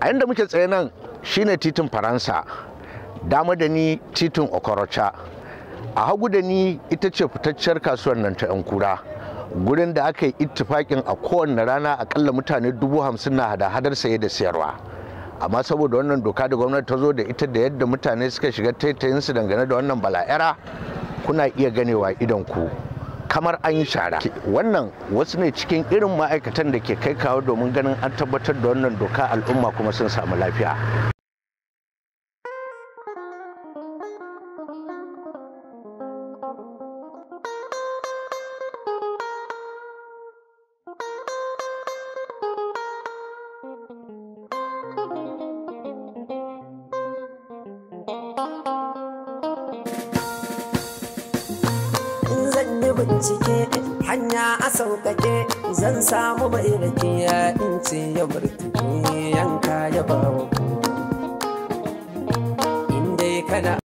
a inda muke tsaye nan shine titin faransa dama da ni titin okorocha a hagu da ni ita ce fitacciyar kasuwar nan ta 'yan kura gurin da aka yi ittifakin a kowane rana akalla mutane dubu hamsin na hada-hadar saye da sayarwa amma saboda wannan doka da gwamnati ta zo da ita da yadda mutane suka shiga taitayinsu dangane da wannan bala'era kuna iya ganewa idan ku kamar an yi shara wannan wasu ne cikin irin ma'aikatan da ke kai kawo domin ganin an tabbatar da wannan doka al'umma kuma sun samu lafiya Thank you. bincike hanya a sauƙaƙe zan samu mai rake ya ince ya burtuki yanka ya bawa inda kana